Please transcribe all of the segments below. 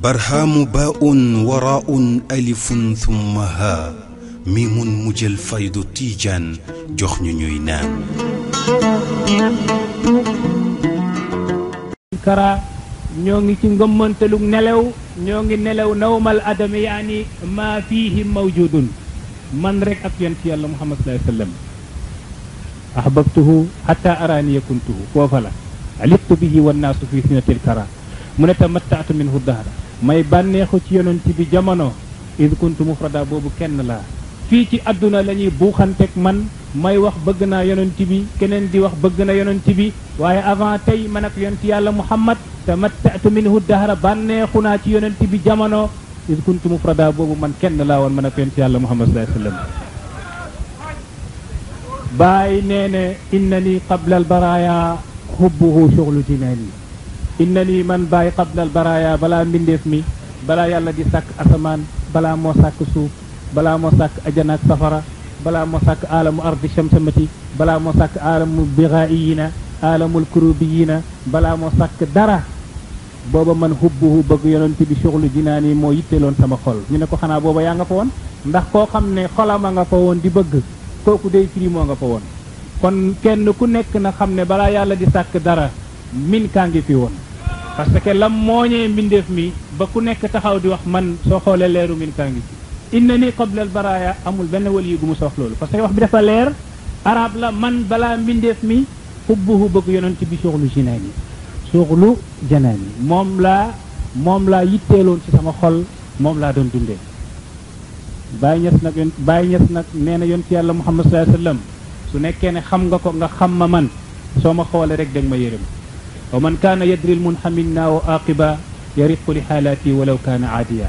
barhaamu baa un waraa un alifun thumma haa mi mun mujjal faydu tiijaan jox ñu ñuy naan kara ñoo ngi ci ngëmmantalug nelaw ñoo ngi nelaw nawmal adama yaani maa fiihi mawjudun man rek ak yonent yàlla muhammad sallallahu alayhi wa sallam احببته حتى اراني كنته فوفلا علقت به والناس في فتنة الكرى من تمتعت منه الدهر ما يبانيخو تي يونتي بي جامانو اذ كنت مفردا بوبو كين لا في تي ادنا لاني بوخانتك من ماي واخ بغنا يونتي بي كينن دي واخ بغنا يونتي بي واي افان تاي مانك يونتي محمد تمتعت منه الدهر بانيخونا تي يونتي بي جامانو اذ كنت مفردا بوبو من كين لا وان مانك يونتي محمد صلى الله عليه وسلم باي نينا إنني قبل البرايا حبه شغل جناني إنني من باي قبل البرايا بلا من دفمي بلا يالا دي ساك أسمان بلا مو ساك سوق بلا مو ساك أجناك سفرا بلا مو ساك عالم أرض الشمس متي بلا مو ساك عالم بغائينا عالم الكروبيين بلا مو ساك دره booba من حبه بغ يونتي بي شغل jinaan مو moo سما خول ني نكو ne ko ياغا فون ndax ko xamne ne xolama nga fa won di bëgg kooku day firi moo nga fa woon kon kenn ku nekk na xam ne balaa yàlla di sàkk dara min kaa ngi fi woon parce que lam mooñee mbindeef mi ba ku nekk taxaw di wax man soo xoolee leeru min kaa ngi fi inna ni qabla al baraya amul benn wali gu mu sox loolu parce que wax bi dafa leer arab la man balaa mbindeef mi xubbuhu bëgg yonent bi suuxlu jinaan yi suuxlu janaan yi moom laa moom laa yitteeloon ci sama xol moom laa doon dundee bàyyi ñes nag yon bàyyi ñes nag nee na yonent yàlla muhammad sallallahu alayhi wasallam su nekkee ne xam nga ko nga xam ma man soo ma xoolee rek danga ma yërëm wa man kaana yadril mun xamin naa wa aqiba yariqu li xaalaati walaw kaana aadiya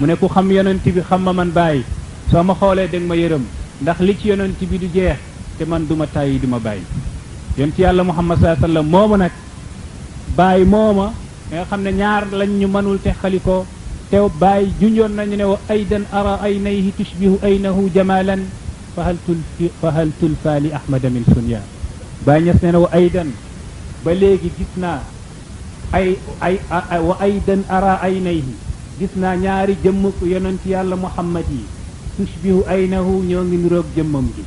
mu ne ku xam yonent bi xam ma man bàyyi soo ma xoolee danga ma yërëm ndax li ci yonent bi du jeex te man duma tàyyi duma bàyyi ci yàlla muhammad sallallahu alayhi wasallam moomu nag bàyyi mooma nga xam ne ñaar lañ ñu mënul te xalikoo teew bàyyi junjoon nañu ne wa aydan ara aynayhi tushbihu aynahu jamalan fahal tulfi fahal tulfa li ahmada min sunya bàyyi ñes nee na wa aydan ba léegi gis naa ay ay wa aydan ara aynayhi gis naa ñaari jëmm yonent yàlla muhammad yi tushbihu aynahu ñoo ngi nuroog jëmmam ji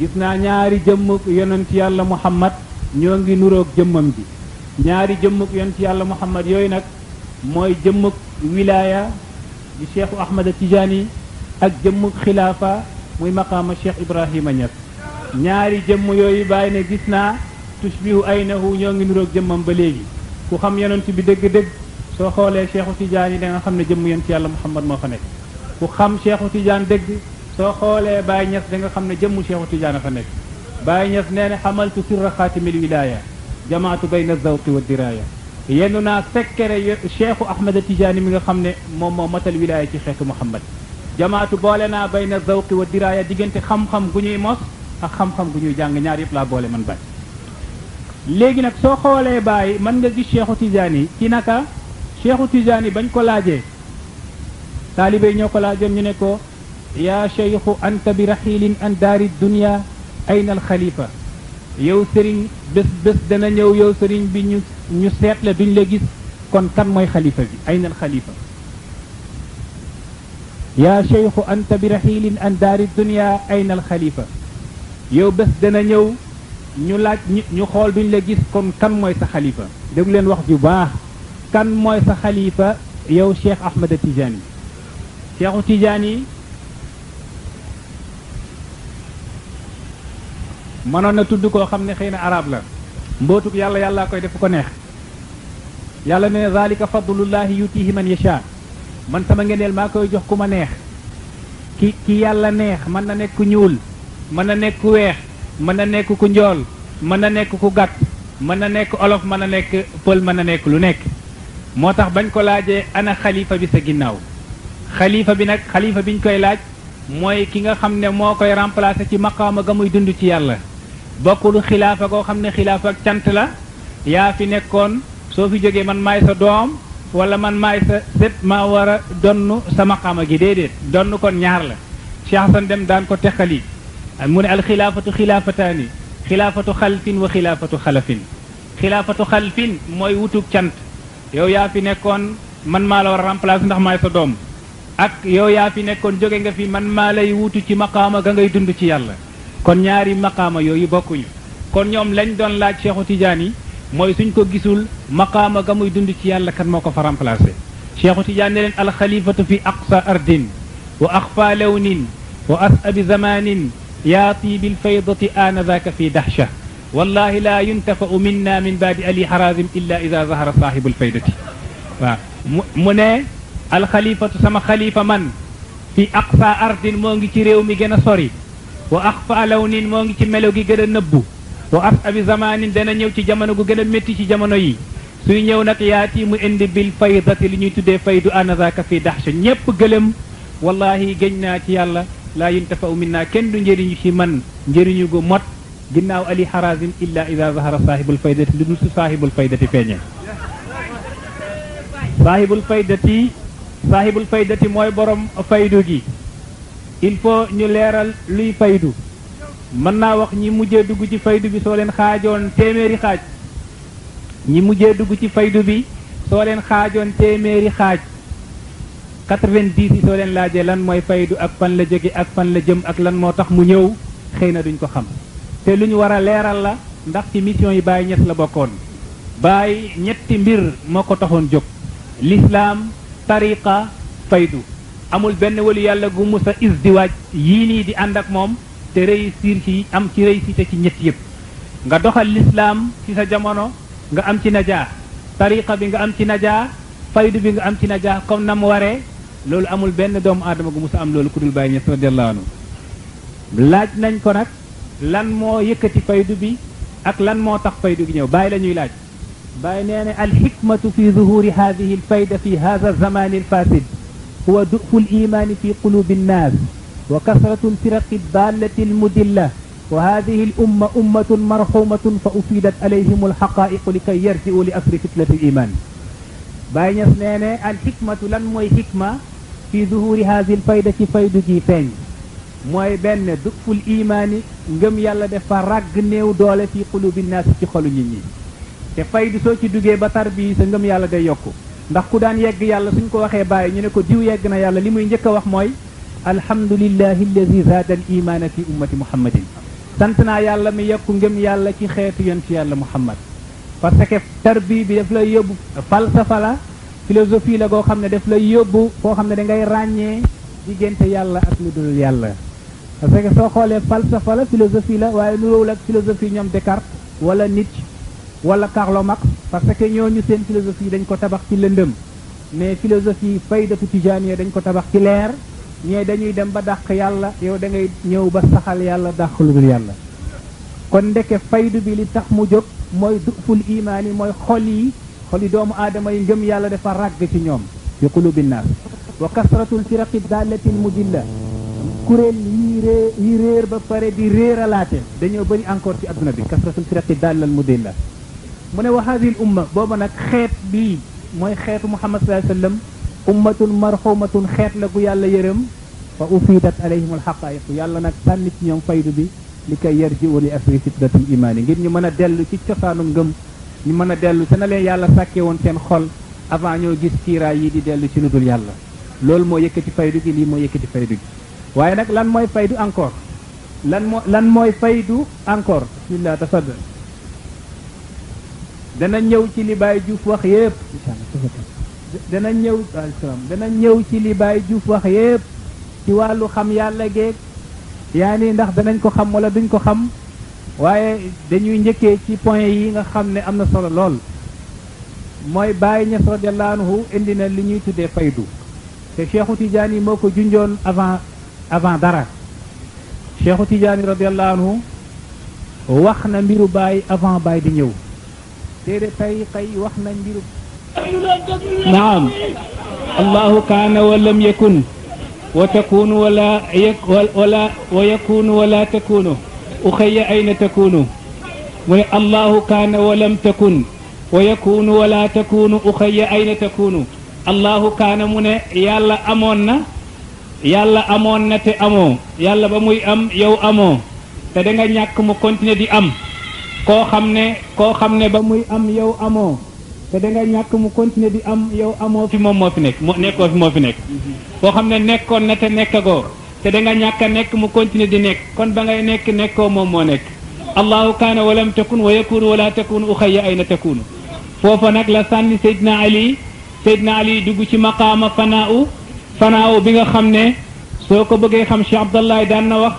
gis naa ñaari jëmm yonent yàlla muhammad ñoo ngi nuroog jëmmam ji ñaari jëmm yonent yàlla muhammad yooyu nag mooy jëmm wilaya di cheikh ahmed tijani ak jëmm khilafa muy maqama cheikh ibrahima ñas ñaari jëmm yooyu bàyyi ne gis naa tushbihu aynahu ñoo ngi nuroog jëmmam ba léegi ku xam yonent bi dëgg-dëgg soo xoolee cheikhu tijani da nga xam ne jëmm yonent yàlla muhammad moo fa nekk ku xam cheikhu tijani dëgg soo xoolee bàyyi ñas da nga xam ne jëmm cheikhu tijani fa nekk bàyyi ñas nee ne xamaltu sirra xaatimil wilaya jamaatu bayna zawqi wa diraya yenn naa fekkere cheikhu ahmada tijaani mi nga xam ne moom moo matal wilaaya ci xeetu muhammad jamaatu boole naa bay na zawqi wa diraaya diggante xam-xam gu ñuy mos ak xam-xam gu ñuy jàng ñaar yëpp laa boole man bàyyi léegi nag soo xoolee bàyyi mën nga gis cheikhu tijaani ci naka cheikhu tijaani bañ ko laajee taalibe yi ñoo ko laajoon ñu ne ko yaa cheikhu anta bi raxilin an daari dunia ayna al yow sëriñ bés bés dana ñëw yow sëriñ bi ñu ñu seet la duñ la gis kon kan mooy xalifa bi ay nal xalifa yaa cheikhu anta bi raxilin an daari dunia ay nal xalifa yow bés dana ñëw ñu laaj ñu xool duñ la gis kon kan mooy sa xalifa dégg leen wax ju baax kan mooy sa xalifa yow cheikh ahmada tijaani cheikhu tijaani mënoon na tudd koo xam ne xëy na arab la mbootug yàlla yàlla koy def ko neex yàlla ne zalika fadlullahi yutihi man yasha man sama ngeneel maa koy jox ku ma neex ki ki yàlla neex mën na nekk ñuul mën na nekk ku weex mën na nekk ku njool mën na nekk ku gàtt mën na nekk olof mën na nekk pël mën na nekk lu nekk moo tax bañ ko laajee ana xalifa bi sa ginnaaw xalifa bi nag xalifa biñ koy laaj mooy ki nga xam ne moo koy remplacer ci maqaama ga muy dund ci yàlla bokkul xilaafa goo xam ne xilaafa ak cant la yaa fi nekkoon soo fi jógee man maay sa doom wala man maay sa sët maa war a donn sa maqaama gi déedéet donn kon ñaar la cheikh hasan dem daan ko teqali mu ne alxilaafatu xilaafataani xilaafatu xalfin wa xilaafatu xalafin xilaafatu xalfin mooy wutug cant yow yaa fi nekkoon man maa la war a remplacer ndax maay sa doom ak yow yaa fi nekkoon jóge nga fi man maa lay wutu ci maqaama ga ngay dund ci yàlla kon ñaari maqaama yooyu bokkuñu kon ñoom lañ doon laaj cheikhu tidiane yi mooy suñ ko gisul maqama ga muy dund ci yàlla kan moo ko fa remplacé cheikhu tidiane ne al khalifatu fi aqsa ardin wa akhfa lawnin wa asabi zamanin yaati ana aanadaka fi dahsha wallahi la minna min والله لا ينتفع منا من بعد علي حرازم إلا إذا ظهر صاحب الفيدة من الخليفة سما خليفة من في أقصى أرض مونغي تريو ميغنا sori wa axfa lawnin moo ngi ci melo gi gën a nëbbu wa af abi zamanin dana ñëw ci jamono gu gën a métti ci jamono yi suy ñëw nag yaati mu indi bil faydati li ñuy tuddee faydu anazaka fi daxsha ñépp gëlëm wallahi géñ naa ci yàlla laa yuntafau min naa kenn du njëriñu ci man njëriñu gu mot ginnaaw ali harazim illa ida zahara saahibul faydati lu dul su saahibul faydati feeñe saahibul faydati saahibul faydati mooy borom faydu gi il faut ñu leeral luy faydu mën naa wax ñi mujjee dugg ci faydu bi soo leen xaajoon téeméeri xaaj ñi mujjee dugg ci faydu bi soo leen xaajoon téeméeri xaaj 90 yi soo leen laajee lan mooy faydu ak fan la jóge ak fan la jëm ak lan moo tax mu ñëw xëy na duñ ko xam te lu ñu war a leeral la ndax ci mission yi Baay ñett la bokkoon bàyyi ñetti mbir moo ko taxoon jóg lislaam tariqa faydu amul benn wali yàlla gu musa isdiwaaj yii nii di ànd ak moom te réussir ci am ci réussite ci ñett yépp nga doxal lislaam ci sa jamono nga am ci naja tariqa bi nga am ci naja faydu bi nga am ci naja comme nam waree loolu amul benn doomu aadama gu musa am loolu kudul dul bàyyi ñes radiallahu anhu laaj nañ ko nag lan moo yëkkati faydu bi ak lan moo tax faydu gi ñëw bàyyi la ñuy laaj bàyyi nee ne alxikmatu fi zuhuri hadihi alfayda fi hada zamani alfasid هو ضعف الايمان في قلوب الناس وكثره الفرق الضاله المدله وهذه الامه امه مرحومه فافيدت عليهم الحقائق لكي يرجئوا لاثر فتنه الايمان. باين اثنين الحكمه لن موي حكمه في ظهور هذه الفائده في فايد جيفين. موي بن ضعف الايمان غم يلا دفا راك نيو دوله في قلوب الناس في خلو نيني. تفايد سوتي دوجي بتربي سنغم يلا دي يوكو. ndax ku daan yegg yàlla suñ ko waxee bàyyi ñu ne ko diw yegg na yàlla li muy njëkk a wax mooy alhamdulillahi alladi zaada al imaana fi ummati muhammadin sant naa yàlla mi yokku ngëm yàlla ci xeetu yon ci yàlla muhammad parce que tarbi bi daf lay yóbbu falsafa la philosophie la goo xam ne daf lay yóbbu foo xam ne da ngay ràññee diggante yàlla ak lu dul yàlla parce que soo xoolee falsafa la philosophie la waaye nuróowul ak philosophie ñoom Descartes wala Nietzsche wala Karl Marx parce que ñooñu seen philosophie dañ ko tabax ci lëndëm mais philosophie faydatu tijaaniya dañ ko tabax ci leer ñee dañuy dem ba dàq yàlla yow dangay ñëw ba saxal yàlla dàq lu yàlla kon ndeke faydu bi li tax mu jóg mooy duful imaan yi mooy xol yi xol doomu aadama yi ngëm yàlla dafa ràgg ci ñoom fi qulubi nnaas wa kasratul firaqi dallati l mudilla kuréel yi réer yi réer ba pare di réeralaate dañoo bëri encore ci adduna bi kasratul firaqi dallal mudilla mu ne wa hadhihi al umma booba nag xeet bii mooy xeetu muhammad sallallahu alayhi wasallam ummatun marhumatun xeet la gu yàlla yërëm fa ufidat alayhim al haqa'iq yàlla nag tànn ci ñoom faydu bi li kay yarji wa li asri fitratil imaani ngir ñu mën a dellu ci cosaanu ngëm ñu mën a dellu te na leen yàlla sàkkee woon seen xol avant ñoo gis kiiraay yi di dellu ci lu dul yàlla loolu moo yëkkati faydu gi lii moo yëkkati faydu gi waaye nag lan mooy faydu encore lan moo lan mooy faydu encore bismillah tafaddal dana ñëw ci li Baye Diouf wax yépp dana ñëw dana ñëw ci li Baye wax yépp ci wàllu xam yàlla geeg yaa ni ndax danañ ko xam wala dañ ko xam waaye dañuy njëkkee ci point yi nga xam ne am na solo lool mooy Baye Niass radiyallahu anhu indi na li ñuy tuddee faydu te Cheikhu Tidiane yi moo ko junjoon avant avant dara Cheikhu Tidiane radiyallahu anhu wax na mbiru Baye avant baay di ñëw نعم الله كان ولم يكن وتکون ولا ولا ویکون ولا تکون اخی این تکون اللہ کانا ولم تكن ويكون ولا تكون أخي أين تكون الله كان من يالا أمونا يالا أمونا امو يالا باموي أم يو أمو تدنغا نياك مو كنتنا دي أم koo xam ne koo xam ne ba muy am yow amoo te da nga ñàkk mu continuer di am yow amoo fi moom moo fi nekk nekkoo fi moo fi nekk koo xam ne nekkoon na te nekkagoo te da nga ñàkk a nekk mu continuer di nekk kon ba ngay nekk nekkoo moom moo nekk allahu kaana lam takun wa yakunu wala takun uxaya ayna takun foofa nag la sànni sayidna ali sayidna ali dugg ci maqaama fanaaw fanaaw bi nga xam ne soo ko bëggee xam cheikh abdallah daan na wax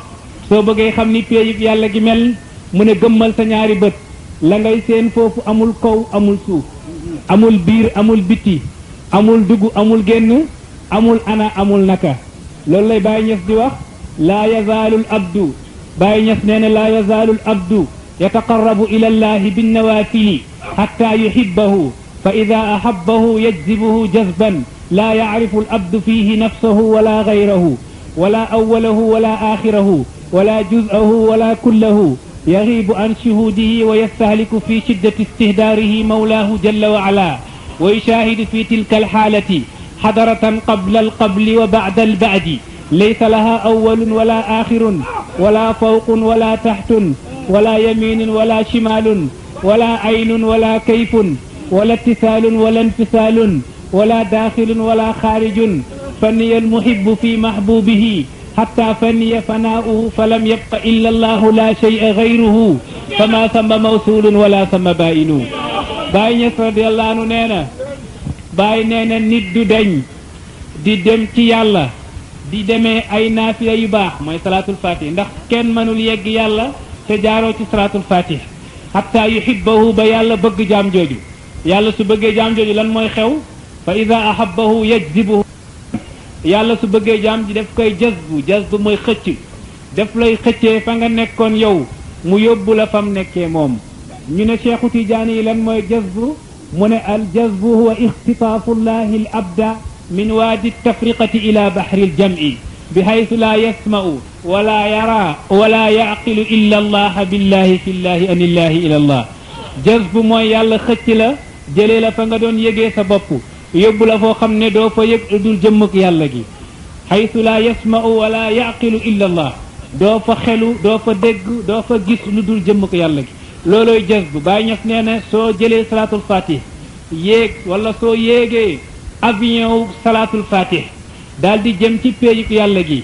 soo bëggee xam ni péeyub yàlla gi mel mune gëmmal sa ñaari bët la ngay seen foofu amul kaw amul suuf amul biir amul biti amul dugg amul génn amul ana amul naka loolu lay bàyyi ñes di wax laa yazaalul abdu bàyyi ñes nee na laa yazaalul abdu yataqarrabu ila allahi binnawaafili xatta yuhibbahu fa ida ahabbahu yajzibuhu jazban لا يعرف الأبد فيه نفسه ولا غيره ولا أوله ولا آخره ولا جزءه ولا كله يغيب عن شهوده ويستهلك في شدة استهداره مولاه جل وعلا ويشاهد في تلك الحالة حضرة قبل القبل وبعد البعد ليس لها أول ولا آخر ولا فوق ولا تحت ولا يمين ولا شمال ولا عين ولا كيف ولا اتصال ولا انفصال ولا داخل ولا خارج فني المحب في محبوبه حتى فني فناؤه فلم يبق إلا الله لا شيء غيره فما ثم موصول ولا ثم بائن باي نيس رضي الله عنه نينا باي نينا ند دنج دي دم تي يالا دي دمي اي نافيه يباح موي صلاه الفاتحه ندخ كين مانول ييغ يالا تي جارو تي صلاه الفاتحه حتى يحبه با يالا بغ جام جوجو يالا سو بغي جام جوجو لان موي خيو فاذا احبه يجذبه yàlla su bëggee jaam ji def koy jazbu jazbu mooy xëcc def lay xëccee fa nga nekkoon yow mu yóbbu la fam nekkee moom ñu ne cheikhu tijaani yi lan mooy jazbu mu ne al jazbu huwa ixtifaafu llahi al abda min waadi tafriqati ila bahri al jam'i بحيث yasmau يسمع ولا يرى ولا يعقل إلا الله بالله في الله أن ila allah jazbu جذب yàlla xëcc la لا la fa nga doon ييغي sa bopp yóbbu la foo xam ne doo fa yëg dul jëmm ak yàlla gi xaytu laa yasmau wala yaqilu illa allah doo fa xelu doo fa dégg doo fa gis lu dul jëmm ak yàlla gi looloy jës bu bàyyi ñaf nee na soo jëlee salaatul fatih yéeg wala soo yéegee avion wu salaatul fatih daal di jëm ci péeyuk yàlla gi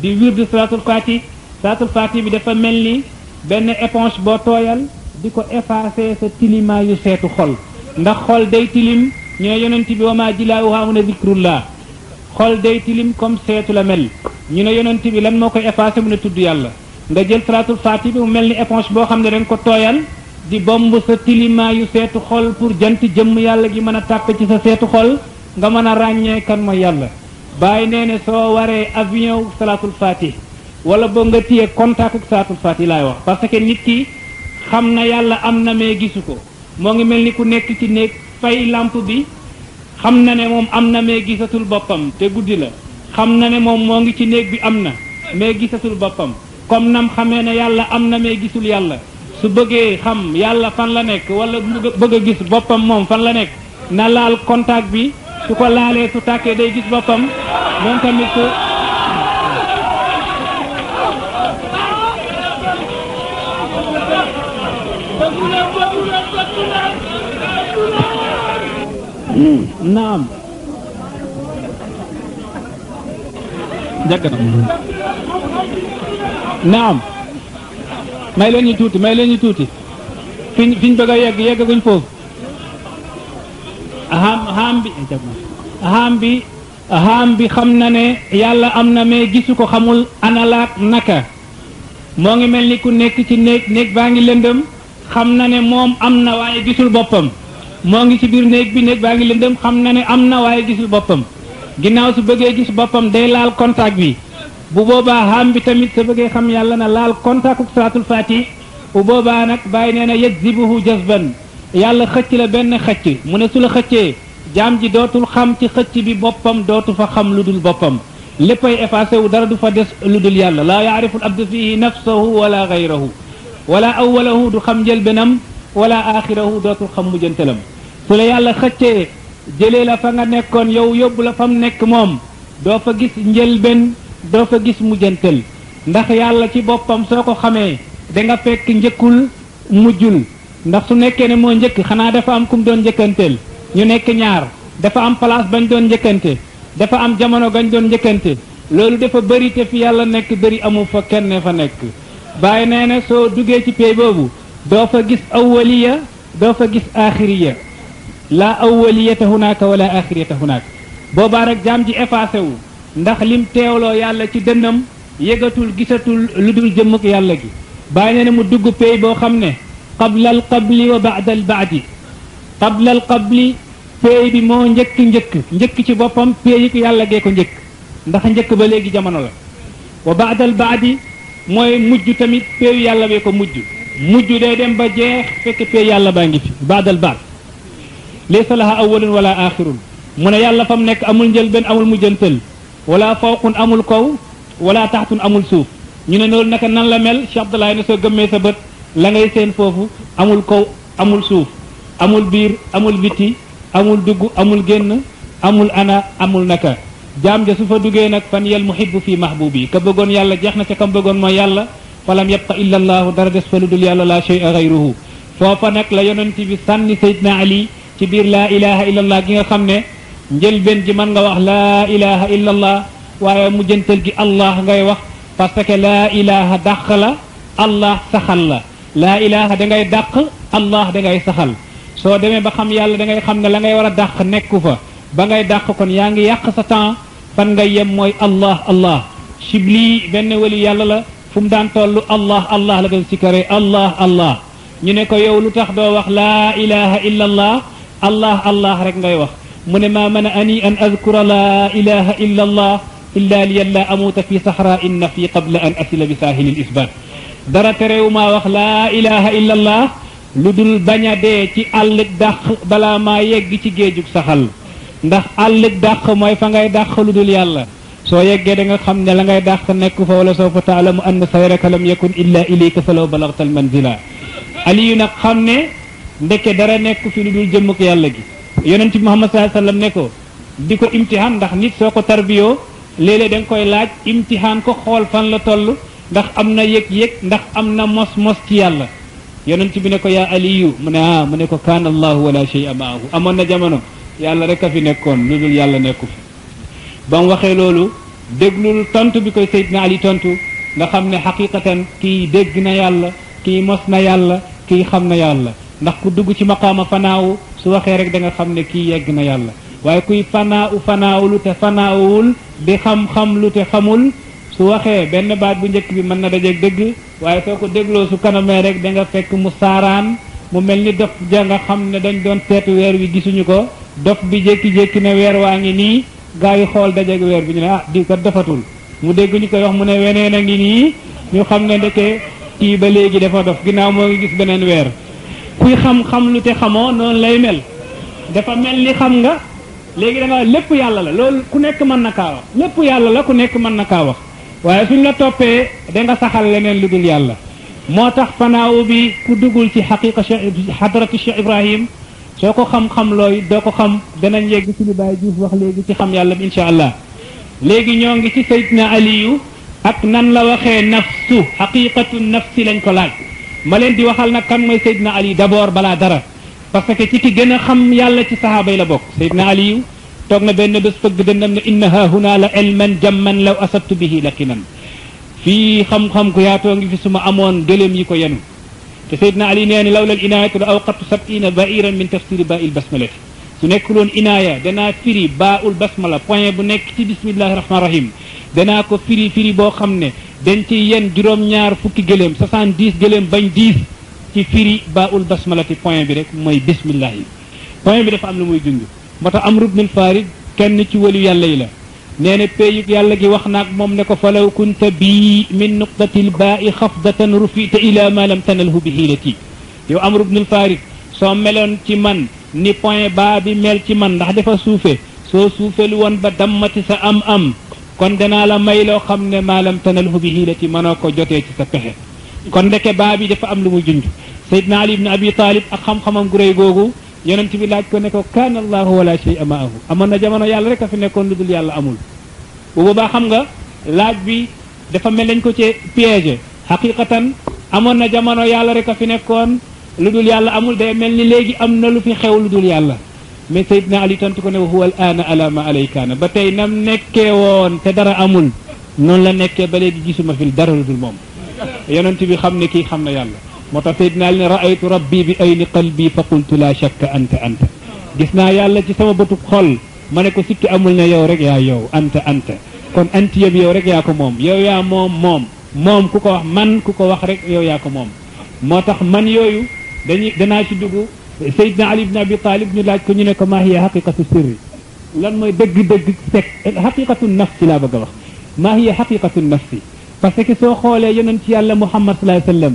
di wirdu salaatul fatih salaatul fatih bi dafa mel ni benn éponge boo tooyal di ko effacé sa tilimaayu seetu xol ndax xol day tilim ñu ne yonent bi wa maa jilaawuhaa mu ne zikrullah xol day tilim comme seetu la mel ñu ne yonent bi lan moo koy effacé mu ne tudd yàlla nga jël salaatul faati bi mu mel ni éponge boo xam ne danga ko tooyal di bomb sa tilimaa yu seetu xol pour jant jëmm yàlla gi mën a tàppe ci sa seetu xol nga mën a ràññee kan mooy yàlla bàyyi nee ne soo waree avion salaatul faati wala boo nga téye contact ak salaatul faati laay wax parce que nit ki xam na yàlla am na mais gisu ko fay lamp bi xam na ne moom am na mais gisatul boppam te guddi la xam na ne moom moo ngi ci néeg bi am na mais gisatul boppam comme nam xamee ne yàlla am na mais gisul yàlla su bëggee xam yàlla fan la nekk wala bëgg a gis boppam moom fan la nekk na laal contact bi su ko laalee su tàkkee day gis boppam moom tamit su naam na naam may leen ñu tuuti may leen ñu tuuti fiñ fiñ bëgg a yegg yeggaguñ foofu aham aham bi aham bi aham bi xam na ne yàlla am na mais gisu ko xamul analaat naka moo ngi mel ni ku nekk ci néeg néeg baa ngi lëndëm xam na ne moom am na waaye gisul boppam moo ngi ci biir néeg bi néeg baa ngi lëndëm xam na ne am na waaye gisul boppam ginnaaw su bëggee gis boppam day laal contact bi bu boobaa xam bi tamit sa bëggee xam yàlla na laal contact ak salaatul fati bu boobaa nag bàyyi nee na yajzibuhu jazban yàlla xëcc la benn xëcc mu ne su la xëccee jaam ji dootul xam ci xëcc bi boppam dootu fa xam lu dul boppam léppay effacé wu dara du fa des lu dul yàlla laa yaarifu al abdu fihi nafsahu wala gayrahu wala awalahu du xam njëlbenam wala wu dootul xam mujjantalam su la yàlla xëccee jëlee la fa nga nekkoon yow yóbbu la fa mu nekk moom doo fa gis njëlbeen doo fa gis mujjantal ndax yàlla ci boppam soo ko xamee da nga fekk njëkkul mujjul ndax su nekkee ne moo njëkk xanaa dafa am kum doon njëkkanteel ñu nekk ñaar dafa am place bañ doon njëkkante dafa am jamono gañ doon njëkkante loolu dafa bëri te fi yàlla nekk bëri amu fa kenn fa nekk bàyyi nee na soo duggee ci pay doo fa gis awwaliya doo fa gis axiriya laa awwaliyata hunaaka wala axiriyata hunaaka boobaa rek jaam ji effacé wu ndax lim teewloo yàlla ci dënnam yëgatul gisatul lu dul jëmmuk yàlla gi bàyyi nee na mu dugg pay boo xam ne qabla al qabli wa baada al baadi qabla al qabli pay bi moo njëkk njëkk njëkk ci boppam pay yàlla gee ko njëkk ndax njëkk ba léegi jamono la wa baada al baadi mooy mujj tamit pay yàlla bee ko mujj mujj day dem ba jeex fekk fee yàlla baa ngi fi baadal baat laysa laha awalun wala axirun mu ne yàlla fam nekk amul njëlbeen amul mujjantal wala fawqun amul kaw wala taxtun amul suuf ñu ne loolu naka nan la mel Cheikh Abdoulaye ne soo gëmmee sa bët la ngay seen foofu amul kaw amul suuf amul biir amul biti amul dugg amul génn amul ana amul naka jaam ja su fa duggee nag fan yel muhibbu fi mahbubi ka bëggoon yàlla jeex na ca kam bëggoon mooy yàlla falam yabqa illa allah dara des fa lu dul yàlla la shay'a ghayruhu foofa nag la yonent bi sànni sayyidna ali ci biir laa ilaha illa allah gi nga xam ne njëlbeen gi mën nga wax laa ilaha illa allah waaye mujjantal gi allah ngay wax parce que laa ilaha dàq la allah saxal la laa ilaha da ngay dàq allah da ngay saxal soo demee ba xam yàlla da ngay xam ne la ngay war a dàq nekku fa ba ngay dàq kon yaa ngi yàq sa temps fan nga yem mooy allah allah shibli benn wali yàlla la fum daan tollu allah allah la doon sikkare allah allah ñu ne ko yow lu tax doo wax la ilaha illa allah allah allah rek ngay wax mu ne maa mën ani an azkura la ilaha illa allah illa li la amuta fi sahra in fi qabla an asila bi saahili isbat dara terewu maa wax la ilaha illa allah lu dul bañ a dee ci àll dàq balaa maa yegg ci géejug saxal ndax àll dàq mooy fa ngay dàq lu dul yàlla soo yeggee da nga xam ne la ngay daax nekk fa wala soo fa taalamu ann sayraka lam yakun illa ilayka salaw balagta al manzila aliyu nag xam ne ndeke dara nekk fi lu dul jëmm ko yàlla gi yonent bi muhammad saa sallam ne ko di ko ndax nit soo ko tarbiyoo léeg-léeg da nga koy laaj imtihan ko xool fan la toll ndax am na yëg-yëg ndax am na mos-mos ci yàlla yonent bi ne ko yaa aliyu mu ne ah mu ne ko kaan allahu wala shay'a maahu amoon na jamono yàlla rek a fi nekkoon lu dul yàlla nekku fi ba mu waxee loolu déglul tontu bi koy naa Ali tontu nga xam ne xaqiqatan kii dégg na yàlla kii mos na yàlla kii xam na yàlla ndax ku dugg ci maqaama fanaawu su waxee rek da xam ne kii yegg na yàlla waaye kuy fanaawu fanaawulu te fanaawul di xam-xam lu te xamul su waxee benn baat bu njëkk bi mën na dajeeg dégg waaye soo ko dégloo su kanamee rek danga fekk mu saaraan mu mel ni dof ja nga xam ne dañ doon seetu weer wi gisuñu ko dof bi jékki-jékki weer waa nii gaa yi xool dajeeg weer bi ñu ne ah di ko defatul mu dégg ñu koy wax mu ne weneen a ngi nii ñu xam ne ndeke kii ba léegi dafa dof ginnaaw moo ngi gis beneen weer kuy xam-xam lu te xamoo noonu lay mel dafa mel ni xam nga léegi da lépp yàlla la loolu ku nekk mën na kaa wax lépp yàlla la ku nekk mën na kaa wax waaye suñ la toppee da nga saxal leneen lu dul yàlla moo tax fanaaw bi ku duggul ci xaqiqa Cheikh xadratu Cheikh Ibrahim soo ko xam-xam looy doo ko xam danañ yegg ci li bàyyi juuf wax léegi ci xam yàlla bi insha allah léegi ñoo ngi ci sayidna aliyu ak nan la waxee nafsu xaqiqatu nafsi lañ ko laaj ma leen di waxal nag kan mooy sayidna ali d' abord balaa dara parce que ci ki gën a xam yàlla ci sahaaba yi la bokk sayidna aliyu toog na benn bés fëgg dëndam ne inna ha huna la ilman jamman law asadtu bihi lakinan fii xam-xam ko yaatoo ngi fi suma amoon gëlëm yi ko yenu te seydina ali nee ni lawlal inaayatu la awqattu sab'ina ba'iran min tafsiri ba il basmalati su nekkuloon inaaya danaa firi ba ul basmala point bu nekk ci bismillahi rahmani rahim danaa ko firi firi boo xam ne dañ ci yenn juróom-ñaar fukki gëléem 70 gëléem bañ 10 ci firi ba ul basmalati point bi rek mooy bismillah yi point bi dafa am lu muy junj moo tax amru bnul farid kenn ci wëlu yàlla yi la nee na péyug yàlla gi wax naag moom ne ko falaw kunta bii min nuqtatil baai xafdatan rufita ila ma lam tanalhu bi hiilati yow amru bnul faris soo meloon ci man ni point baa bi mel ci man ndax dafa suufe soo suufelu won ba dammati sa am am kon danaa la may loo xam ne maa lam tanalhu bi hiilati mënoo ko jotee ci sa pexe kon ndeke baa bi dafa am lu mu junj saydna ali ibne abi talib ak xam-xamam gu googu yonent bi laaj ko ne ko kaan allahu wala shay'a ma'ahu amoon na jamono yàlla rek a fi nekkoon lu dul yàlla amul bu boobaa xam nga laaj bi dafa mel dañ ko ci piégé xaqiqatan amoon na jamono yàlla rek a fi nekkoon lu dul yàlla amul day mel ni léegi am na lu fi xew lu dul yàlla mais sayidna ali tontu ko ne huwa al ana ala ma alaykaana ba tey nam nekkee woon te dara amul noonu la nekkee ba léegi gisuma fi dara lu dul moom yonent bi xam ne kii xam na yàlla متفيدنا لن رأيت ربي بأين قلبي فقلت لا شك أنت أنت جسنا يا الله جسما بطب خل مانك سكي أملنا يا رجع يا يو أنت أنت كون أنت يا بيو رجع يا كموم يا يا موم موم موم كوكو من كوكو وخرك يا يا كموم متخ من يو يو دني دنا شدغو سيدنا علي بن أبي طالب نلاج كنينة كما هي حقيقة السر لن ما يدق دق سك حقيقة النفس لا بقى ما هي حقيقة النفس فسكي سو خولي ينتي الله محمد صلى الله عليه وسلم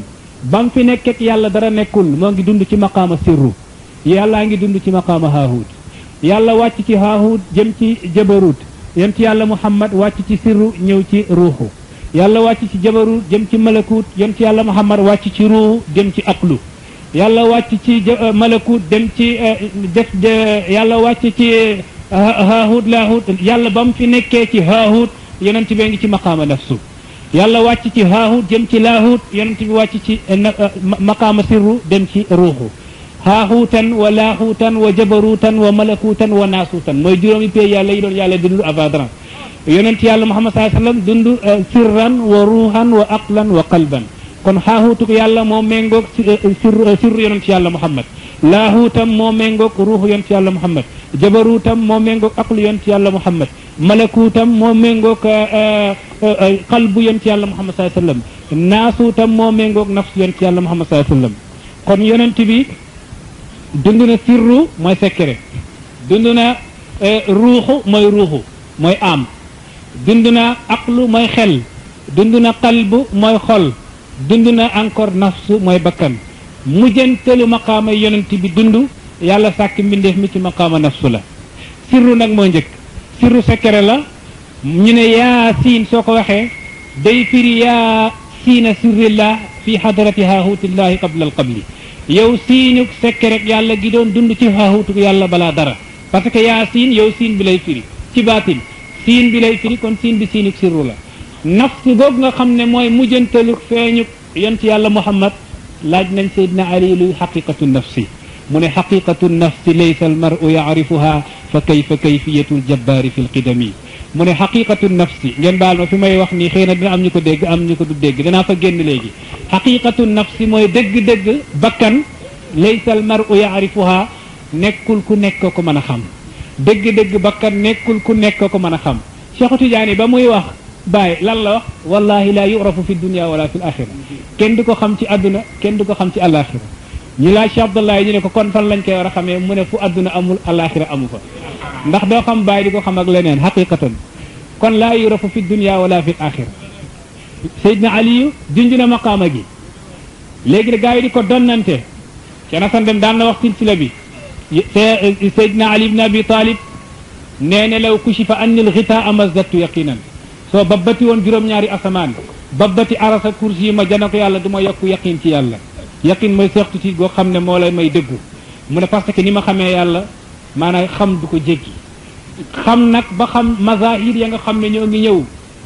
ba mu fi nekk yàlla dara nekkul moo ngi dund ci maqaama sirru yàllaa ngi dund ci maqaama haahut yàlla wàcc ci haahut jëm ci jabarut yem ci yàlla muhammad wàcc ci sirru ñëw ci ruuxu yàlla wàcc ci jabarut jëm ci malakut yem ci yàlla muhammad wàcc ci ruuxu jëm ci aqlu yàlla wàcc ci euh, malakut dem ci euh, def yàlla wàcc ci euh, haahut laahut yàlla ba mu fi nekkee ci yeneen yonent bee ngi ci maqaama nafsu يلا واتي هاهو جمتي لاهو ينتي واتي آه، آه، مقام سر دمتي روحو هاهوتا ولاهوتا تن وملكوتا وناسوتا ما يجيرو مي بي يالا يدور يالا دلو أفادرا ينتي يالا محمد صلى الله عليه وسلم دندو آه، سرا وروحا وأقلا وقلبا كون هاهو يالا مومنغو سر, سر, سر ينتي يالا محمد laahuutam moo méngoog ruuxu yonent yàlla muhammad jabaruutam moo méngoog aqlu yonent yàlla muhammad malakuutam moo méngoog eh, eh, eh, qalbu yonent yàlla muhammad saai sallam naasuutam moo méngoog nafsu yonent yàlla muhammad saai sallam kon yonent bi dund na sirru mooy sekkere dund na ruuxu mooy ruuxu mooy am dund na aqlu mooy xel dund na qalbu mooy xol dund na encore nafsu mooy bakkan mujjantalu maqaama yonent bi dund yàlla sàkk mbindeef mi ci maqaama nafsu la sirru nag moo njëkk sirru secret la ñu ne yaa siin soo ko waxee day firi yaa siina sirrillah fi xadarati haahuutillahi qabla alqabli qabli yow siinuk secret yàlla gi doon dund ci haahuutuk yàlla balaa dara parce que yaa siin yow siin bi lay firi ci baatin siin bi lay firi kon siin bi siinuk sirru la nafsu googu nga xam ne mooy mujjantalu feeñuk yàlla muhammad laaj nañ sayidna ali luy xaqiqatu nafsi mu ne xaqiqatu nafsi laysa almaru yaarifuha fa kayfa kayfiyatu ljabbaari fi lqidami mu ne xaqiqatu nafsi ngeen baal ma fi may wax nii xëy na dina am ñu ko dégg am ñu ko du dégg danaa fa génn léegi xaqiqatu nafsi mooy dëgg-dëgg bakkan laysa almaru yaarifuha nekkul ku nekk ko mën a xam dëgg-dëgg bakkan nekkul ku nekk ko mën a xam cheikhu tidiane ba muy wax bàyyi lan la wax wallahi la yurafu fi dunia wala fi alaxira kenn du ko xam ci àdduna kenn du ko xam ci alaxira ñu laaj si abdullahi ñu ne ko kon fan lañ koy war a xamee mu ne fu àdduna amul alaxira amu fa ndax doo xam bàyyi di xam ak leneen xaqiqatan kon laa yurafu fi dunia wala fi alaxira sayidna aliyu junj na gi léegi ne gars di ko donnante cena sandem daan na wax silsila bi sayidna ali ibn abi talib nee ne law kushifa anil alghitaa amazdatu yaqinan soo babbati woon juróom-ñaari asamaan babbati arasa kursi yi ma jana ko yàlla du ma yokku yaqin ci yàlla yaqin mooy seextu si goo xam ne moo lay may dëggu mu ne parce que ni ma xamee yàlla maanaay xam du ko jéggi xam nag ba xam mazahir ya nga xam ne ñoo ngi ñëw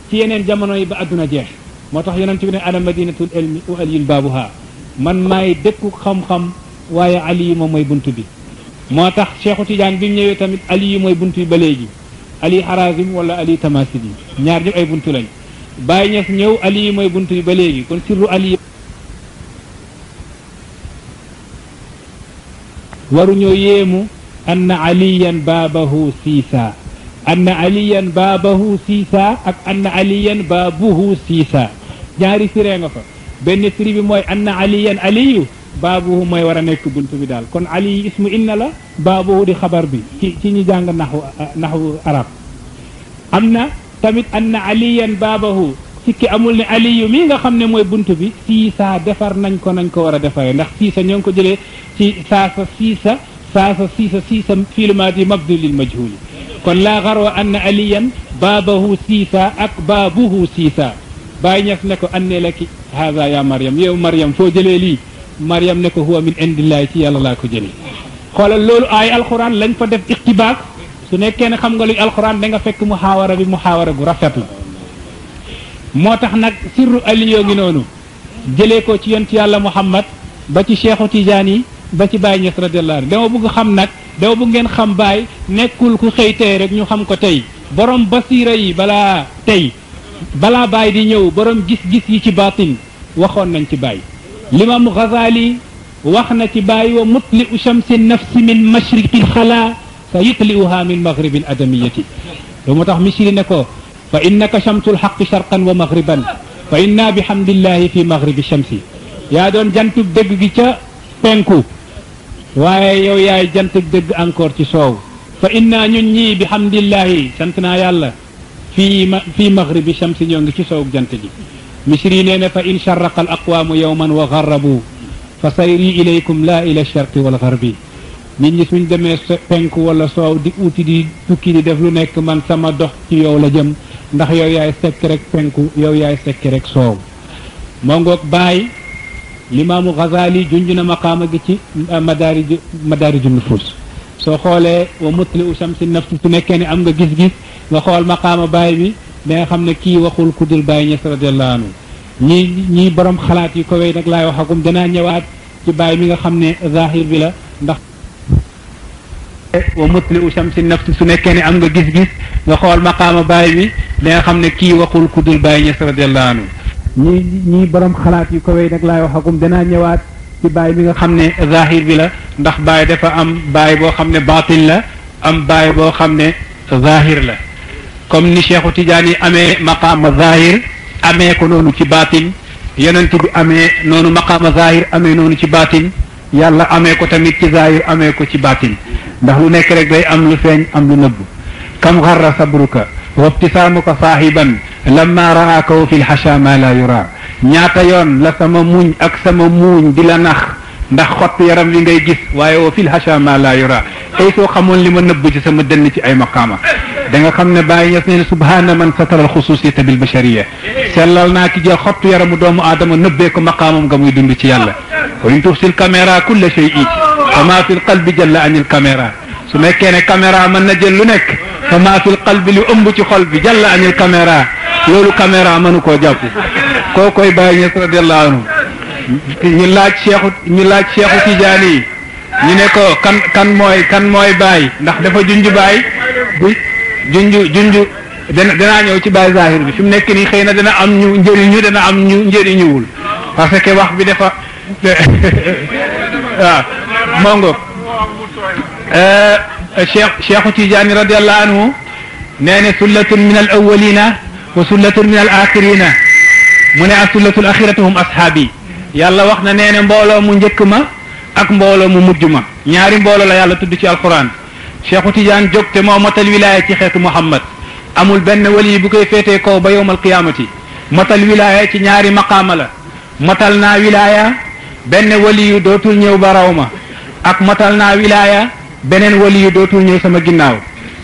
ci yeneen jamono yi ba adduna jeex moo tax yonent bi ne ana madinatul ilmi wa aliyun baabuha man maay dëkku xam-xam waaye aliyu moom mooy bunt bi moo tax Cheikhu Tidiane bi mu ñëwee tamit aliyu mooy bunt bi ba léegi ali harazim wala ali tamasid yi ñaar ñep ay buntu lañ bay ñef ñew ali moy buntu yi ba legi kon sirru ali waru ñoo yemu anna aliyan babahu sisa anna aliyan babahu sisa ak anna aliyan babuhu sisa ñaari sire nga fa ben sire moy anna aliyan aliyu baabuhu mooy war a nekk bunt bi daal kon ali ismu inna la baabuhu di xabar bi ci ci ñi jàng naxu naxu arab am na tamit anna aliyan baabahu sikki amul ne aliyu mii nga xam ne mooy bunt bi siisa defar nañ ko nañ ko war a defaree ndax siisa ñoo ngi ko jëlee ci saasa siisa saasa siisa siisa filumaat yi mabdu lil majhuli kon laa xarwa anna aliyan baabahu siisa ak baabuhu siisa bàyyi ñas ne ko an la ki haada ya mariam yow mariam foo jëlee lii Mariam ne ko huwa min indillahi ci yàlla laa ko jëlee xoolal loolu ay alxuraan lañ fa def iqtibaas su nekkee ne xam nga luy alxuraan da nga fekk muhaawara bi muhaawara gu rafet la moo tax nag sirru aliyoo ngi noonu jëlee ko ci yonent yàlla muhammad ba ci cheikhu tijaan yi ba ci Baye Niass radiyallahu dama bëgg xam nag dama bëgg ngeen xam Baye nekkul ku xëy tey rek ñu xam ko tey borom basiira yi balaa tey balaa Baye di ñëw borom gis-gis yi ci baatin waxoon nañ ci Baye الإمام غزالي وحنا تبايو مطلع شمس النفس من مشرق الخلا فيطلعها من مغرب الأدمية لو متاح نكو فإنك شمس الحق شرقا ومغربا فإنا بحمد الله في مغرب الشمس يا دون جنتك دق جيتا بانكو واي يو يا جنتك دق أنكور تسوو فإنا ننجي بحمد الله سنتنا يالله في في مغرب الشمس نيونغ تسوو جنتك مصري نينا فإن شرق الأقوام يوما وغربوا فسيري إليكم لا إلى الشرق والغرب من نيس من دمي بنك ولا سو دي اوتي دي توكي دي دافلو نيك مان سما دوخ تي يو لا جيم نده يو ياي سيك ريك بنك يو ياي سيك ريك سو مونغوك باي الامام غزالي جونجنا مقامه جي مدارج مدارج النفوس سو خوله ومثل شمس النفس تو نيكاني امغا غيس غيس nga xool maqaama baay bi mi nga xam ne kii waxul ku dul Baye Niass radiyallahu anhu ñi ñii boroom xalaat yu ko wey nag laay waxagum danaa ñëwaat ci Baye mi nga xam ne zahir bi la ndax wa mutli u shamsi nafsi su nekkee ne am nga gis nga xool maqaama Baye bi da xam ne kii waxul ku dul Baye Niass radiyallahu borom xalaat yu ko wey laay waxagum danaa ñëwaat ci Baye nga xam ne zahir bi la ndax Baye dafa am Baye boo xam ne baatin la am Baye boo xam ne zahir la comme ni cheikhu tidiane amee maqaama zahir amee ko noonu ci baatin yonent bi amee noonu maqaama zahir amee noonu ci baatin yàlla amee ko tamit ci zahir amee ko ci baatin ndax lu nekk rek day am lu feeñ am lu nëbb kam xarra sabruka wabtisaamuka saahiban lamma raaka wa fi lxasha ma la yura ñaata yoon la sama muñ ak sama muuñ di la nax ndax xott yaram wi ngay gis waaye wa fi lxasha ma la yura tey soo xamoon li ma nëbb ci sama dënn ci ay maqaama da nga xam ne bàyyi ñes ne subhana man satara alxususiyata bil bashariya sellal naa ki jël xottu yaramu doomu aadama nëbbee ko maqaamam nga muy dund ci yàlla wa in tufsil caméra kulle shay i fama fi lqalbi jalla anil caméra su nekkee ne caméra mën na jël lu nekk fama fi lqalbi lu ëmb ci xol bi jalla anil caméra loolu caméra mënu koo jàpp koo koy bàyyi ñes radiallahu anhu ñu laaj cheikhu ñu laaj cheikhu tijaani yi ñu ne ko kan kan mooy kan mooy bàyyi ndax dafa junj bàyyi bu junju junju dana danaa ñëw ci bàyyi zahir bi fi mu nekk nii xëy na dana am ñu njëriñu dana am ñu njëriñuwul parce que wax bi dafa waaw mongo cheikh cheikhu tidiane radiallahu anhu nee ne sullatun min al awalina wa sullatun min al axirina mu ne asullatul axiratu hum ashaabi yàlla wax na nee ne mbooloo mu njëkk ma ak mbooloo mu mujj ma ñaari mbooloo la yàlla tudd ci alquran Cheikhu Tidiane jóg te moo motal wilaaya ci xeetu Muhammad amul benn wali bu koy féetee kaw ba yowmal qiyaamati motal wilaaya ci ñaari maqaama la motal naa wilaaya benn wali yu dootul ñëw ba raw ma ak motal naa wilaaya beneen wali yu dootul ñëw sama ginnaaw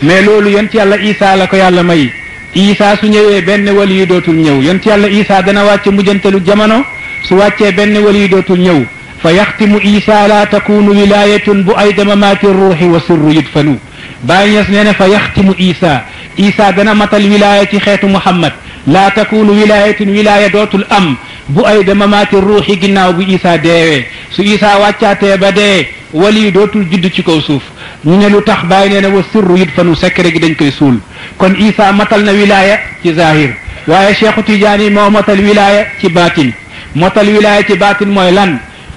mais loolu ci àll Isaa la ko yàlla may Isaa su ñëwee benn wali yu dootul ñëw ci yàlla Isaa dana wàcce mujjantalu jamono su wàccee benn wali yu dootul ñëw فيختم عيسى لا تكون ولاية بأيد ممات الروح وسر يدفنوا باين يسنين فيختم عيسى عيسى دنا مت الولاية خيط محمد لا تكون ولاية ولاية دوت الأم بأيد ممات الروح جناو بإيسى ديوي سو إيسى واتشاتي بدي ولي دوت الجد تشكوسوف نينلو تخ باين ينا وسر يدفنوا سكر جدن كيسول كون إيسى مطلنا ولاية كظاهر ويا شيخ تجاني مو مطل ولاية كباتن مطل ولاية كباتن مو لن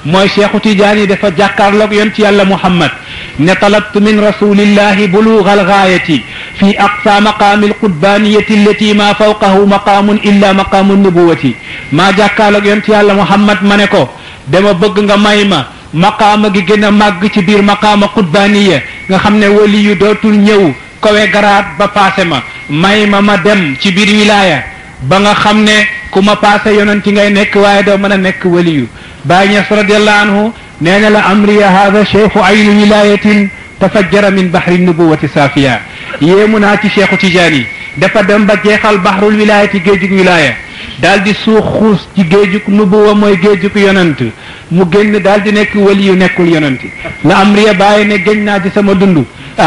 mooy cheikhu tijaani dafa jàkkaarloog yoon ci yàlla muhammad ne talabtu min rasulillahi buluga algaayati fi aqsa maqaami alqudbaaniyati allati ma fawqahu maqaamun illa maqaamu nubuwati maa jàkkaarloog yoon ci yàlla muhammad ma ne ko dama bëgg nga may ma maqaama gi gën a màgg ci biir maqaama qudbaaniya nga xam ne wali dootul ñëw kawe garaat ba paase ma may ma ma dem ci biir wilaaya ba nga xam ne ku ma paase yonent ci ngay nekk waaye doo mën a nekk wa باني رضي الله عنه نانا لأمري هذا شيخ عين ولاية تفجر من بحر النبوة سافيا يمناتي شيخ تجاني دفا دمبا جيخ البحر الولاية جيجك ولاية دال دي سوخ خوص جي جيجك نبوة موي جيجك يننت مجن دال دي نك ولي نك يننت لأمري باي نجن نادي سمدند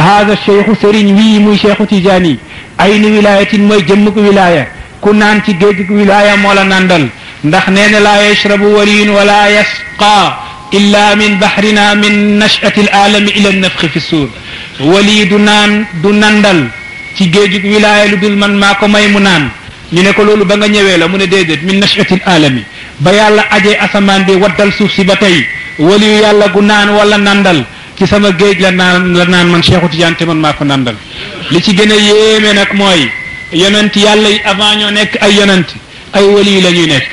هذا الشيخ سرين وي موي شيخ تجاني عين ولاية موي جمك ولاية كنان تي جيجك ولاية مولا ناندل ndax nee na laa yashrabu waliyun wala yasqa illa min bahrina min nachati al alami ila nafxi fi suur wali du naan du nandal ci géejug wilaaya lu dul man maa ko may mu naan ñu ne ko loolu ba nga ñëwee la mu ne déedéet min nachati al alami ba yàlla ajee asamaan bi waddal suuf si ba tey waliyu yàlla gu naan wala nandal ci sama géej la naan naan man Cheikhu Tidiane te man maa ko nandal li ci gën a yéeme nag mooy yonent yàlla yi avant ñoo nekk ay yonent ay wali la ñuy nekk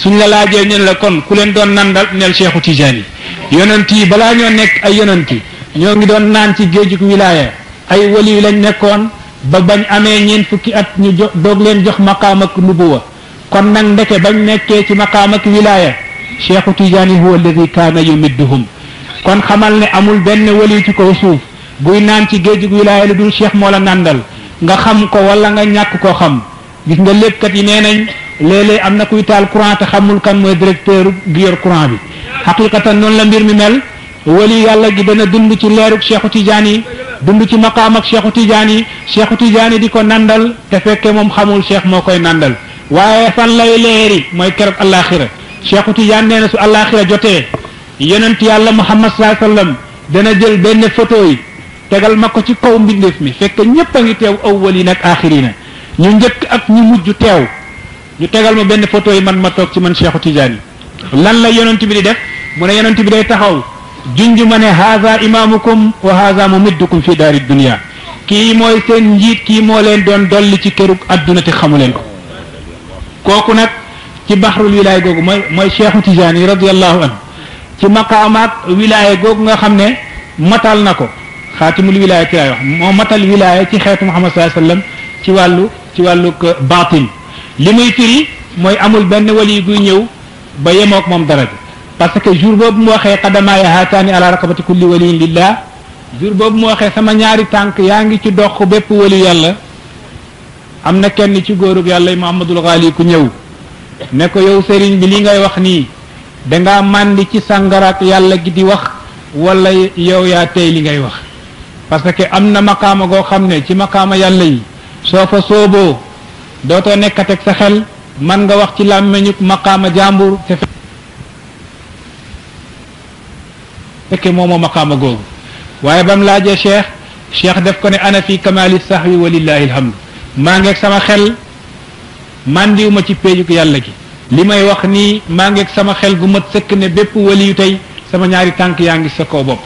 suñ la laajee ñun la kon ku leen doon nandal nel Cheikhu Tijaani yonent yi balaa ñoo nekk ay yonent ñoo ngi doon naan ci géejug wilaaya ay wali lañ nekkoon ba bañ amee ñeent fukki at ñu jo doog leen jox maqaam ak wa kon nag ndeke bañ nekkee ci maqaam ak wilaaya Cheikhu Tijaani huwa alladi kaana yumidduhum kon xamal ne amul benn wali ci kaw suuf buy naan ci géejug wilaaya lu dul cheikh moo la nàndal nga xam ko walla nga ñàkk koo xam gis nga lépp léeg-léeg am na kuy taal courant te xamul kan mooy directeur bi yor courant bi xaqiqatan noonu la mbir mi mel wali yàlla gi dana dund ci leeruk Cheikhu Tidiane yi dund ci maqaam ak Cheikhu Tidiane yi Cheikhu Tidiane di ko nandal te fekke moom xamul Cheikh moo koy nandal waaye fan lay leeri mooy keroog àllaaxira Cheikhu Tidiane nee na su àllaaxira jotee yonent yàlla Muhammad sallallahu alayhi wasallam dana jël benn photo yi tegal ma ko ci kaw mbindeef mi fekk ñépp a ngi teew awwal yi nag aaxiri na ñu njëkk ak ñu mujj teew ñu tegal ma benn photo yi man ma toog ci man Cheikhu Tidiane lan la yonent bi di def mu ne yonent bi day taxaw junj ma ne haza imaamukum wa haza mumiddukum fi daari dunia kii mooy seen njiit kii moo leen doon dolli ci kërug adduna ti xamu leen ko kooku nag ci baxrul wilaay googu mooy mooy Cheikhu Tidiane radiallahu anhu ci maqaamaat wilaaya googu nga xam ne matal na ko xaatimul wilaaya ci laay wax moo matal wilaaya ci xeetu Muhammad sallallahu alayhi la ci wàllu ci wàllu euh, baatin li muy firi mooy amul benn wali guy ñëw ba yemook moom dara bi parce que jour boobu mu waxee qadamaaya haataani ala rakabati kulli waliyin lillah jour boobu mu waxee sama ñaari tànk yaa ngi ci dox bépp wali yàlla am na kenn ci góorug yàlla yi Muhammadul Ghali ku ñëw ne ko yow sëriñ bi li ngay wax nii dangaa màndi ci sàngaraak yàlla gi di wax wala yow yaa tey li ngay wax parce que am na makaama goo xam ne ci makaama yàlla yi soo fa sooboo dootoo nekkateeg sa xel man nga wax ci làmmeñu maqaama jàmbur te fekke moomoo maqaama googu waaye ba mu laajee cheikh cheikh def ko ne ana fi sax sahwi walillahi alhamdu maa ngeek sama xel màndiwuma ci péejuk yàlla gi li may wax nii maa ngeeg sama xel gu mat sëkk ne bépp waliyu tey sama ñaari tànk yaa ngi sa koo bopp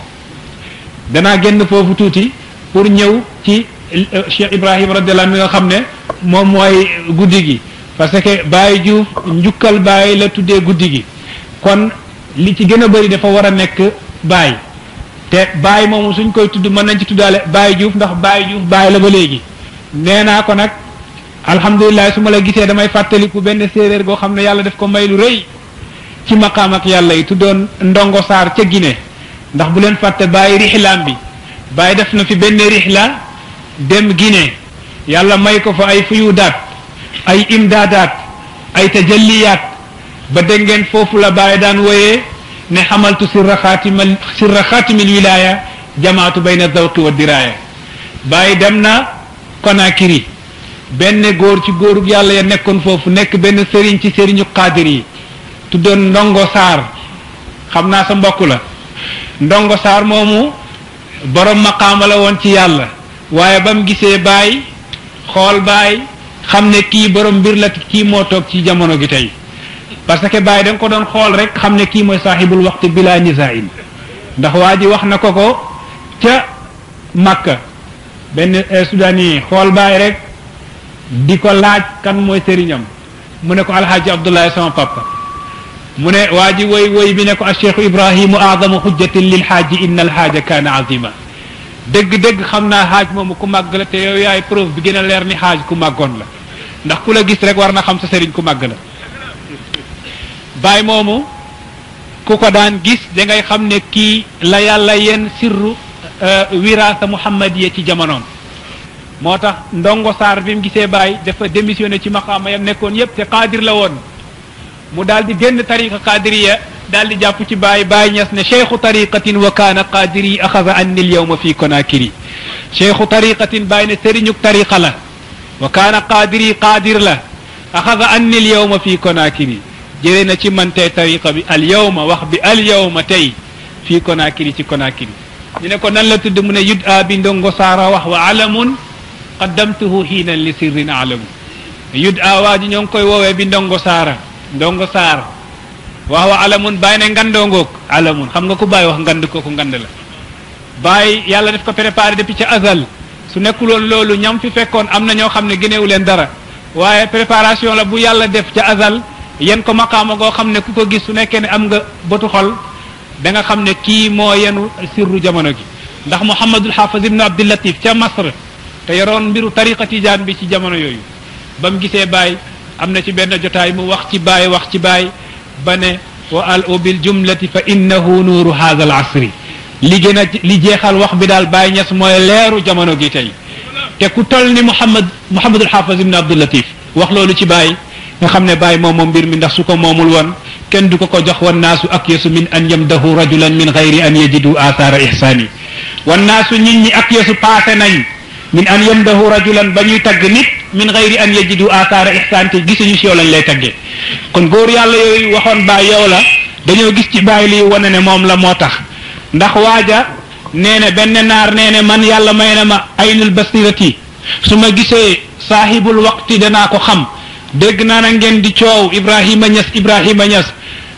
danaa génn foofu tuuti pour ñëw ci Cheikh Ibrahima radiyallahu mi nga xam ne moom mooy guddi gi parce que Baye Diouf njukkal Baye la tuddee guddi gi kon li ci gën a bëri dafa war a nekk Baye te Baye moomu suñ koy tudd mën nañ ci tuddaale bàyyi Diouf ndax bàyyi Diouf Baye la ba léegi nee naa ko nag alhamdulilah su ma la gisee damay fàttaliku benn séeréer goo xam ne yàlla def ko may lu rëy ci maqaam ak yàlla yi tuddoon ndongo saar ca gine ndax bu leen fàtte Baye rixlaam bi Baye def na fi dem gine yàlla may ko fa ay fuyudaat ay imdaadaat ay tajalliyaat ba dégg ngeen foofu la bàyyi daan woyee ne xamaltu sirra xaatima sirra xaatimil wilaaya jamaatu bayna zawqi wa diraaya bàyyi dem na Conakry benn góor ci góorug yàlla ya nekkoon foofu nekk benn sëriñ ci sëriñu xaadir yi tuddoon ndongo saar xam naa sa mbokk la ndongo saar moomu borom maqaama la woon ci yàlla waaye ba mu gisee baay xool baay xam ne kii borom mbir la kii moo toog ci jamono gi tey parce que baay da ko doon xool rek xam ne kii mooy saaxibul waxtu bila nisain ndax waa ji wax na ko ko ca Makka benn eh, sudaani xool baay rek di ko laaj kan mooy sëriñam mu ne ko alxaaji abdullahi sama papa mu ne waa ji woy woy bi ne ko a cheikhu ibrahimu aadamu xujjatin lilxaaji inna alxaaja kaana azima dëgg-dëgg xam naa xaaj moomu ku màgg la te yow yaay preuve bi gën a leer ni xaaj ku màggoon la ndax ku la gis rek war na xam sa seriñ ku màgg la baay moomu ku ko daan gis dangay xam ne kii la yàlla yenn sirru euh, wiraasa muhammadiya ci jamonoon moo tax ndongo saar bi mu gisee baay dafa démissionné ci ma maqaama yam nekkoon yépp te qaadir la woon mu daal di génn tariqa qaadiriya daal di jàpp ci baay baay ñas ne cheikhu tariqatin wa kaana qaadiri axasa anni lyawma fi konakiri cheikhu tariqatin baay ne sëriñuk tariqa la wa kaana qaadiri qaadir la axasa anni lyawma fi konakiri jëlee na ci man tey tariqa bi al yawma wax bi al yawma tey fii konakiri ci konakiri ñu ne ko nan la tudd mu ne yud a bi ndongo saara wax wa alamun qaddamtuhu hiinan li sirrin alamu yud a waa ji ñoo ngi koy woowee bi ndongo saara ndongo saara waaw alamun bàyyi ne ngandoo ngoog alamun xam nga ku bàyyi wax ngand kooku ngand la bàyyi yàlla def ko préparé deppi ca azal su nekkuloon loolu ñam fi fekkoon am na ñoo xam ne génnewu leen dara waaye préparation la bu yàlla def ca azal yéen ko maqaama goo xam ne ku ko gis su nekkee ne am nga botu xol da nga xam ne kii moo yenu sirru jamono gi ndax Muhammadul Hafiz ibnu Abdul Latif ca Masr te yoroon mbiru tariqa tijaan bi ci jamono yooyu ba mu na ci benn jotaay mu wax ci Baye wax ci Baye ba ne wa al u bil jumlati fa innahu nuuru haada al asri li gën a li jeexal wax bi daal Baye Niass mooy leeru jamono gi tey te ku toll ni Mouhamad Mouhamadul Hafiz ibn Abdul Latif wax loolu ci Baye nga xam ne Baye moom moom mbir mi ndax su ko moomul woon kenn du ko ko jox wan naasu ak yesu min an yamdahu rajulan min gayri an yajidu athara ihsani wan naasu nit ñi ak yesu paase nañ min an yamdahu rajulan ba ñuy tagg nit min xayri an yajidu asaara ixsaan te gisuñu si yow lañ lay taggee kon góor yàlla yooyu waxoon baay yow la dañoo gis ci baay lii wane ne moom la moo tax ndax waaja nee ne benn naar nee ne man yàlla may na ma aynul basirati su ma gisee saahibul waqti danaa ko xam dégg naa na ngeen di coow Ibrahima Niass Ibrahima Niass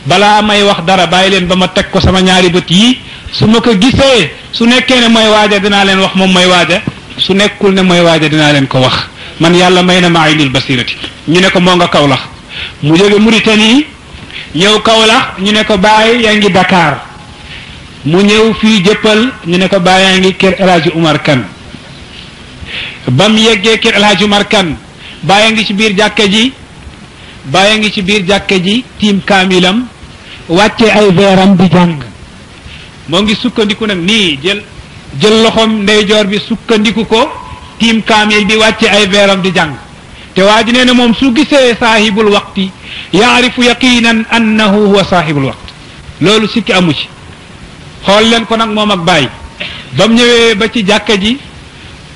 balaa may wax dara bàyyi leen ba ma teg ko sama ñaari bët yi su ma ko gisee su nekkee ne mooy waaja dinaa leen wax moom mooy waaja su nekkul ne mooy waaja dinaa leen ko wax man yalla mayna ma basirati ñu ne ko mo nga kawla mu joge muritani ñëw kawla ñu ne ko baye yaangi dakar mu ñew fi jeppal ñu ne ko baye yaangi ker kër umar kan bam yegge ker elhaji umar kan baye ngi ci bir jàkke ji baye ngi ci bir jàkke ji tim kamilam wacce ay veram di jang mo ngi sukkandiku nak ni jël jël loxom jor bi sukkandiku ko tiim kaamil bi wàcce ay veeram di jàng te waa ji nee na moom su gisee saahibul waqti yaarifu yaqinan annahu huwa saahibul waqti loolu sikki amu ci xool leen ko nag moom ak bàyyi ba mu ñëwee ba ci jàkka ji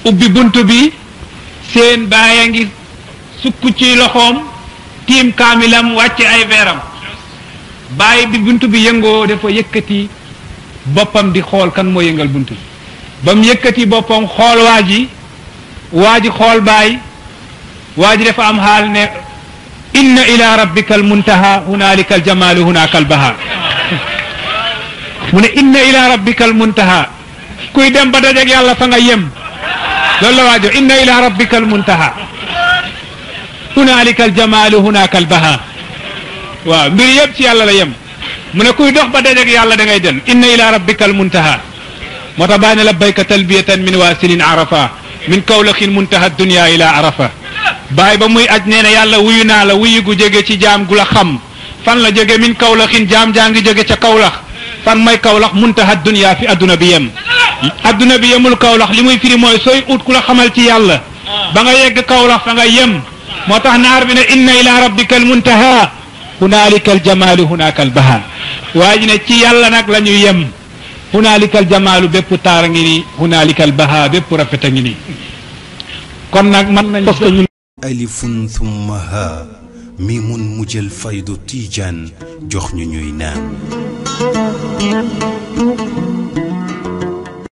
ubbi bunt bi seen baay ngi sukk ci loxoom tiim kaamilam wàcce ay veeram bàyyi bi bunt bi yëngoo dafa yëkkati boppam di xool kan moo yëngal bunt bi ba mu yëkkati boppam xool waa waa ji xool baay waa ji dafa am xaal ne inna ila rabbika almuntaha hunalika aljamalu hunaka albaha mu ne inna ila rabbika almuntaha kuy dem ba dajeg yàlla fa nga yem loolu la waajo inna ila rabbika almuntaha hunalika aljamalu hunaka albaha waaw mbir yëpp ci yàlla la yem mu ne kuy dox ba dajeg yàlla da ngay dem inna ila rabbika almuntaha moo tax bàyyi ne labbayka talbiyatan min wasilin arafa من كولك منتهى الدنيا الى عرفه باي باموي اجنينا يالا ويونا لا ويغو جيغي سي جام غولا خام فان لا جيغي من كولك جام جانغي جيغي سي كولك فان ماي كولخ منتهى الدنيا في ادنا بيام ادنا بيام الكولخ لي موي فري موي سوي اوت كولا خمال سي يالا باغا ييغ كولخ فاغا ييم موتاخ نار بينا ان الى ربك المنتهى هنالك الجمال هناك البهاء واجنا سي يالا نك لا نيو ييم hunaalikal jamaalu bépp taar a ngi nii hunaalikal bahaa bépp rafet a ngi nii kon nag mën nañ parce que ñun alifun thumma ha mi mun mujjal faydu tijaan jox ñu ñuy naan